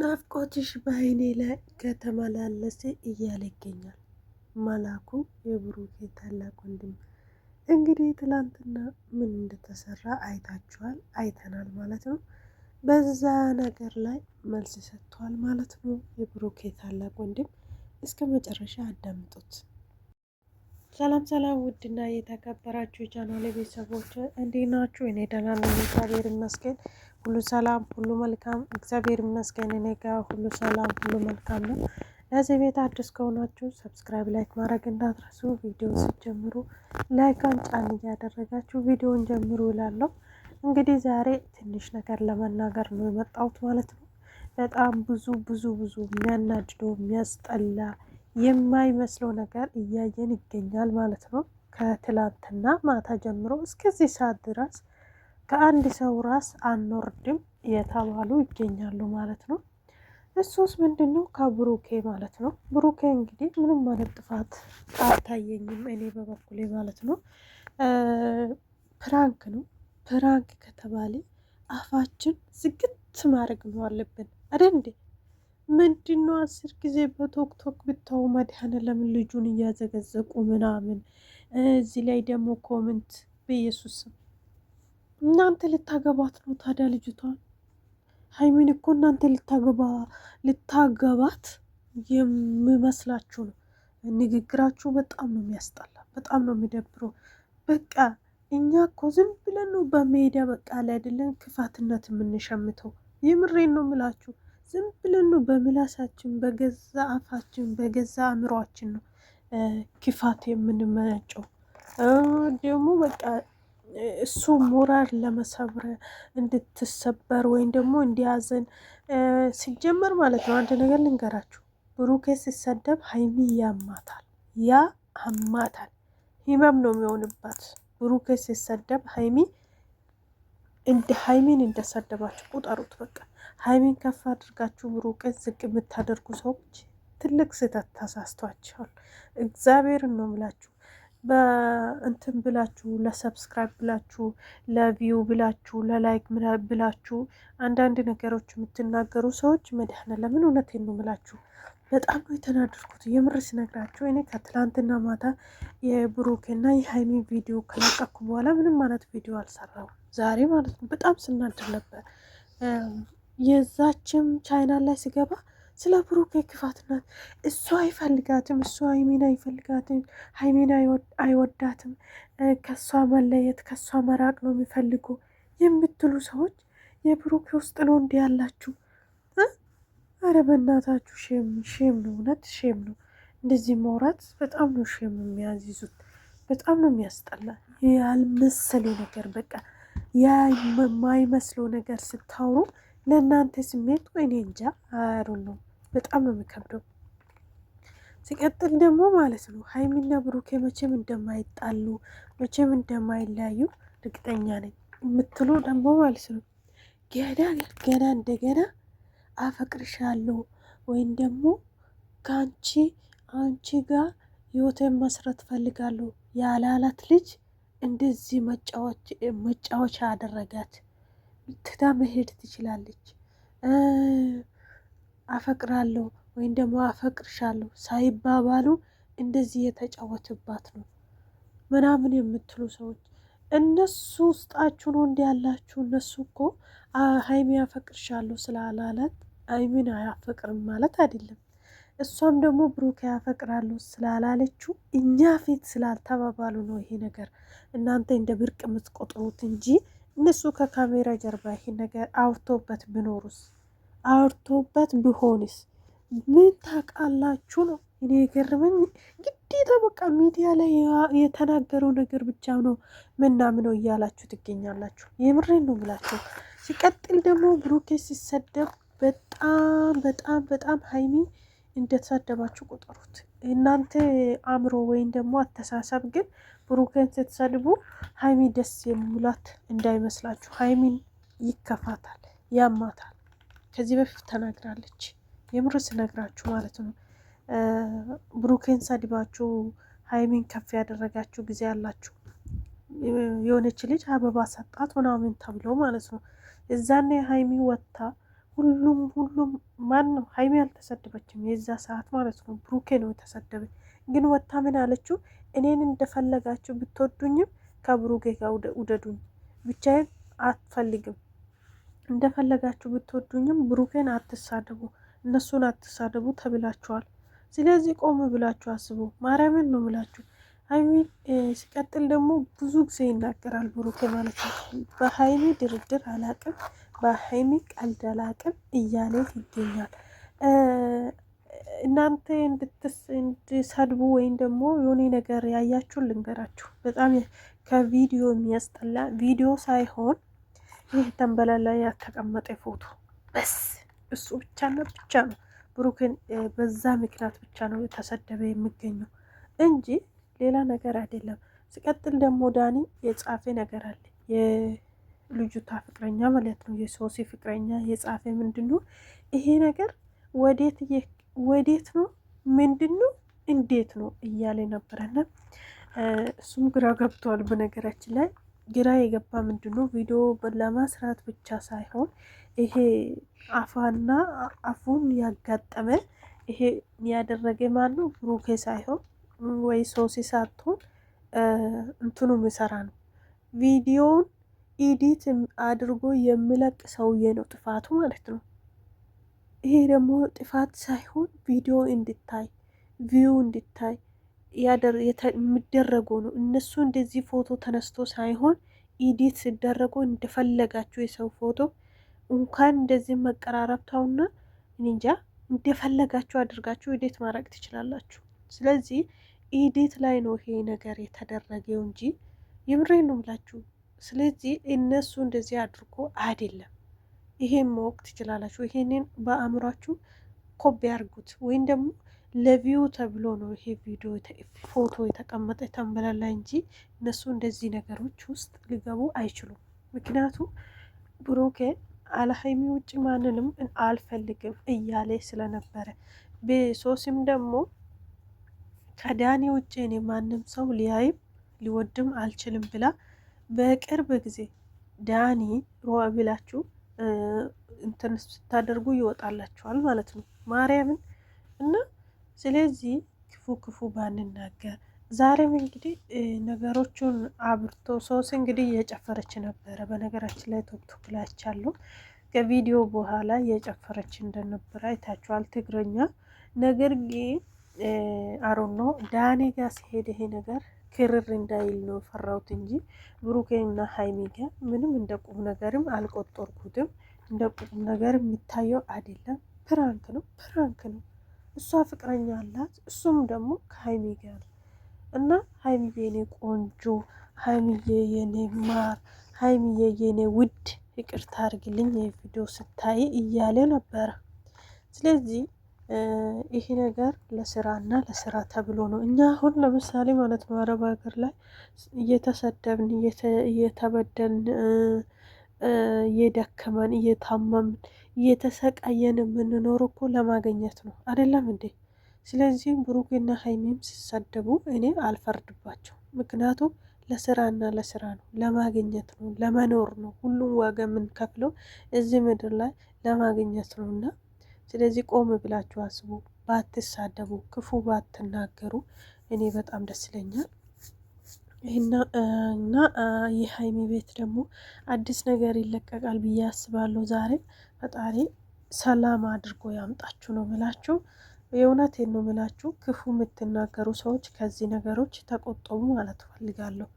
ናፍቆትሽ በአይኔ ላይ ከተመላለሰ እያለ ይገኛል። መላኩ የብሩኬ ታላቅ ወንድም እንግዲህ ትላንትና ምን እንደተሰራ አይታችኋል፣ አይተናል ማለት ነው። በዛ ነገር ላይ መልስ ሰጥቷል ማለት ነው። የብሩኬ ታላቅ ወንድም እስከ መጨረሻ አዳምጡት። ሰላም ሰላም! ውድና የተከበራችሁ የቻናሌ ቤተሰቦች እንዴት ናችሁ? እኔ ደህና ነኝ፣ እግዚአብሔር ይመስገን። ሁሉ ሰላም፣ ሁሉ መልካም፣ እግዚአብሔር ይመስገን። እኔ ጋር ሁሉ ሰላም፣ ሁሉ መልካም ነው። ለዚህ ቤት አዲስ ከሆናችሁ ሰብስክራይብ፣ ላይክ ማድረግ እንዳትረሱ። ቪዲዮ ስትጀምሩ ላይክን ጫን እያደረጋችሁ ቪዲዮን ጀምሩ ይላለሁ እንግዲህ ዛሬ ትንሽ ነገር ለመናገር ነው የመጣሁት ማለት ነው። በጣም ብዙ ብዙ ብዙ የሚያናድደው የሚያስጠላ የማይመስለው ነገር እያየን ይገኛል ማለት ነው። ከትላንትና ማታ ጀምሮ እስከዚህ ሰዓት ድረስ ከአንድ ሰው ራስ አንወርድም የተባሉ ይገኛሉ ማለት ነው። እሱስ ምንድን ነው? ከብሩኬ ማለት ነው። ብሩኬ እንግዲህ ምንም ማለት ጥፋት አልታየኝም እኔ በበኩሌ ማለት ነው። ፕራንክ ነው። ፕራንክ ከተባለ አፋችን ዝግት ማድረግ ነው አለብን አይደል እንዴ? ምንድን ነው አስር ጊዜ በቶክቶክ ብታው ለምን ልጁን እያዘገዘቁ ምናምን፣ እዚህ ላይ ደግሞ ኮመንት በኢየሱስ እናንተ ልታገባት ነው ታዲያ ልጅቷን? ሀይሚን እኮ እናንተ ልታገባት የሚመስላችሁ ነው። ንግግራችሁ በጣም ነው የሚያስጠላ፣ በጣም ነው የሚደብረው። በቃ እኛ እኮ ዝም ብለን ነው በሜዲያ በቃ ላይ አይደለን ክፋትነት የምንሸምተው። የምሬን ነው ምላችሁ። ዝም ብለን ነው በምላሳችን በገዛ አፋችን በገዛ አእምሯችን ነው ክፋት የምንመነጨው ደግሞ በቃ እሱ ሞራል ለመሰብር እንድትሰበር ወይም ደግሞ እንዲያዘን ሲጀመር ማለት ነው። አንድ ነገር ልንገራችሁ፣ ብሩኬ ሲሰደብ ሀይሚ ያማታል፣ ያ አማታል፣ ህመም ነው የሚሆንባት። ብሩኬ ሲሰደብ ሀይሚ እንደ ሀይሚን እንደሰደባችሁ ቁጠሩት። በቃ ሀይሚን ከፍ አድርጋችሁ ብሩቄን ዝቅ የምታደርጉ ሰዎች ትልቅ ስህተት ተሳስቷችኋል። እግዚአብሔርን ነው ምላችሁ። በእንትን ብላችሁ ለሰብስክራይብ ብላችሁ ለቪው ብላችሁ ለላይክ ብላችሁ አንዳንድ ነገሮች የምትናገሩ ሰዎች መድኃኔዓለምን እውነቴን ነው የምላችሁ። በጣም ነው የተናደድኩት የምር ስነግራችሁ። እኔ ከትላንትና ማታ የብሩክና የሃይሚ ቪዲዮ ከለቀኩ በኋላ ምንም ማለት ቪዲዮ አልሰራው ዛሬ ማለት ነው። በጣም ስናድር ነበር። የዛችም ቻይና ላይ ስገባ ስለ ብሩክ ክፋት ናት። እሱ አይፈልጋትም፣ እሱ ሀይሜን አይፈልጋትም፣ ሀይሜን አይወዳትም። ከሷ መለየት ከሷ መራቅ ነው የሚፈልጉ የምትሉ ሰዎች የብሩክ ውስጥ ነው እንዲህ ያላችሁ። አረ በእናታችሁ ሼም ሼም ነው፣ እውነት ሼም ነው። እንደዚህ መውራት በጣም ነው ሼም የሚያዝዙት፣ በጣም ነው የሚያስጠላ። ያልመሰለ ነገር በቃ የማይመስለው ነገር ስታውሩ ለእናንተ ስሜት ወይኔ እንጃ አያሩ ነው። በጣም ነው የሚከብደው። ሲቀጥል ደግሞ ማለት ነው ሀይሚና ብሩኬ መቼም እንደማይጣሉ መቼም እንደማይለያዩ እርግጠኛ ነኝ የምትሉ ደግሞ ማለት ነው ገና ገና እንደገና አፈቅርሻለሁ ወይም ደግሞ ከአንቺ አንቺ ጋር ህይወቴን መስረት ፈልጋለሁ ያላላት ልጅ እንደዚህ መጫወቻ አደረጋት። ትታ መሄድ ትችላለች። አፈቅራለሁ ወይም ደግሞ አፈቅርሻለሁ ሳይባባሉ እንደዚህ የተጫወተባት ነው ምናምን የምትሉ ሰዎች እነሱ ውስጣችሁ ነው እንዲ ያላችሁ። እነሱ እኮ ሀይሚ ያፈቅርሻለሁ ስላላለት ሀይሚን አያፈቅርም ማለት አይደለም። እሷም ደግሞ ብሩክ ያፈቅራሉ ስላላለችው እኛ ፊት ስላልተባባሉ ነው ይሄ ነገር እናንተ እንደ ብርቅ የምትቆጥሩት እንጂ እነሱ ከካሜራ ጀርባ ይሄ ነገር አውርቶበት ብኖሩስ አውርቶበት ቢሆንስ ምን ታውቃላችሁ ነው። እኔ የገረመኝ ግዴታ በቃ ሚዲያ ላይ የተናገረው ነገር ብቻ ነው ምናምነው እያላችሁ ትገኛላችሁ። የምሬን ነው ብላቸው ሲቀጥል ደግሞ ብሩኬ ሲሰደብ በጣም በጣም በጣም ሀይሚ እንደተሳደባችሁ ቁጠሩት። እናንተ አእምሮ ወይም ደግሞ አተሳሰብ ግን ብሩኬን ስትሰድቡ ሀይሚ ደስ የሚላት እንዳይመስላችሁ። ሀይሚን ይከፋታል፣ ያማታል። ከዚህ በፊት ተናግራለች። የምር ስነግራችሁ ማለት ነው። ብሩኬን ሰድባችሁ ሀይሚን ከፍ ያደረጋችሁ ጊዜ አላችሁ። የሆነች ልጅ አበባ ሰጣት ምናምን ተብሎ ማለት ነው። እዛኔ ሀይሚ ወጥታ ሁሉም ሁሉም ማን ነው ሀይሚ አልተሰደበችም፣ የዛ ሰዓት ማለት ነው። ብሩኬ ነው የተሰደበ። ግን ወጥታ ምን አለችው? እኔን እንደፈለጋችሁ ብትወዱኝም ከብሩኬ ጋር ውደዱኝ፣ ብቻዬን አትፈልግም እንደፈለጋችሁ ብትወዱኝም ብሩኬን አትሳደቡ፣ እነሱን አትሳደቡ ተብላችኋል። ስለዚህ ቆም ብላችሁ አስቡ። ማርያምን ነው ብላችሁ ሀይሚ ሲቀጥል ደግሞ ብዙ ጊዜ ይናገራል ብሩኬ ማለት ነው። በሀይሚ ድርድር አላቅም፣ በሀይሚ ቀልድ አላቅም እያለ ይገኛል። እናንተ እንድትሰድቡ ወይም ደግሞ የሆነ ነገር ያያችሁ ልንገራችሁ። በጣም ከቪዲዮ የሚያስጠላ ቪዲዮ ሳይሆን ይህ ላይ ያተቀመጠ ፎቶ በስ እሱ ብቻና ብቻ ነው ብሩክን በዛ ምክንያት ብቻ ነው የተሰደበ የሚገኘው እንጂ ሌላ ነገር አይደለም። ሲቀጥል ደግሞ ዳኒ የጻፌ ነገር አለ። የልጁታ ፍቅረኛ ማለት ነው የሶሲ ፍቅረኛ የጻፌ ምንድን ነው ይሄ ነገር ወዴት ነው ምንድን ነው እንዴት ነው እያለ ነበረና እሱም ግራ ገብተዋል በነገራችን ላይ ግራ የገባ ምንድን ነው ቪዲዮ ለመስራት ብቻ ሳይሆን ይሄ አፋና አፉን ያጋጠመ ይሄ ያደረገ ነው? ብሩኬ ሳይሆን ወይ ሶሲ ሳትሆን እንትኑ ምሰራ ነው። ቪዲዮን ኢዲት አድርጎ የሚለቅ ሰውዬ ነው ጥፋቱ ማለት ነው። ይሄ ደግሞ ጥፋት ሳይሆን ቪዲዮ እንድታይ ቪው እንድታይ የሚደረጉ ነው። እነሱ እንደዚህ ፎቶ ተነስቶ ሳይሆን ኢዲት ሲደረጉ እንደፈለጋችሁ የሰው ፎቶ እንኳን እንደዚህ መቀራረብታውና እንጃ እንደፈለጋችሁ አድርጋችሁ ኢዲት ማድረግ ትችላላችሁ። ስለዚህ ኢዲት ላይ ነው ይሄ ነገር የተደረገው እንጂ የምሬ ነው ብላችሁ። ስለዚህ እነሱ እንደዚህ አድርጎ አይደለም። ይሄን ማወቅ ትችላላችሁ። ይሄንን በአእምሯችሁ ኮቢ ያርጉት ወይም ደግሞ ለቪው ተብሎ ነው ይሄ ቪዲዮ ፎቶ የተቀመጠ ተንበላላ እንጂ እነሱ እንደዚህ ነገሮች ውስጥ ሊገቡ አይችሉም። ምክንያቱም ብሩኬ አለሀይሚ ውጭ ማንንም አልፈልግም እያለ ስለነበረ በሶሲም ደግሞ ከዳኒ ውጭ እኔ ማንም ሰው ሊያይም ሊወድም አልችልም ብላ በቅርብ ጊዜ ዳኒ ሮዋ ብላችሁ እንትን ስታደርጉ ይወጣላችኋል ማለት ነው ማርያምን እና ስለዚህ ክፉ ክፉ ባንናገር። ዛሬም እንግዲህ ነገሮቹን አብርቶ ሶስ እንግዲህ እየጨፈረች ነበረ። በነገራችን ላይ ቶክቶክ ላይቻለሁ ከቪዲዮ በኋላ እየጨፈረች እንደነበረ አይታችኋል። ትግረኛ ነገር ግን አሮኖ ዳኔ ጋር ሲሄድ ይሄ ነገር ክርር እንዳይል ነው ፈራሁት እንጂ ብሩኬና ሀይሚጋ ምንም እንደ ቁም ነገርም አልቆጠርኩትም። እንደ ቁም ነገር የሚታየው አይደለም። ፕራንክ ነው፣ ፕራንክ ነው። እሷ ፍቅረኛ አላት፣ እሱም ደግሞ ከሀይሚ ጋር እና ሀይሚዬ የኔ ቆንጆ፣ ሀይሚዬ የኔ ማር፣ ሀይሚዬ የኔ ውድ ይቅርታ አድርግልኝ የቪዲዮ ስታይ እያለ ነበረ። ስለዚህ ይሄ ነገር ለስራና ለስራ ተብሎ ነው። እኛ አሁን ለምሳሌ ማለት ነው አረብ ሀገር ላይ እየተሰደብን እየተበደልን እየደከመን እየታመምን እየተሰቃየን የምንኖር እኮ ለማገኘት ነው አይደለም እንዴ? ስለዚህ ብሩክና ሀይሚም ሲሰደቡ እኔ አልፈርድባቸው። ምክንያቱም ለስራና ለስራ ነው፣ ለማግኘት ነው፣ ለመኖር ነው። ሁሉም ዋጋ የምንከፍለው እዚህ ምድር ላይ ለማግኘት ነው እና ስለዚህ ቆም ብላችሁ አስቡ፣ ባትሳደቡ፣ ክፉ ባትናገሩ እኔ በጣም ደስ ይለኛል። እና የሀይሚ ቤት ደግሞ አዲስ ነገር ይለቀቃል ብዬ አስባለሁ። ዛሬ ፈጣሪ ሰላም አድርጎ ያምጣችሁ ነው ምላችሁ። የእውነቴን ነው ምላችሁ። ክፉ የምትናገሩ ሰዎች ከዚህ ነገሮች ተቆጠቡ ማለት ፈልጋለሁ።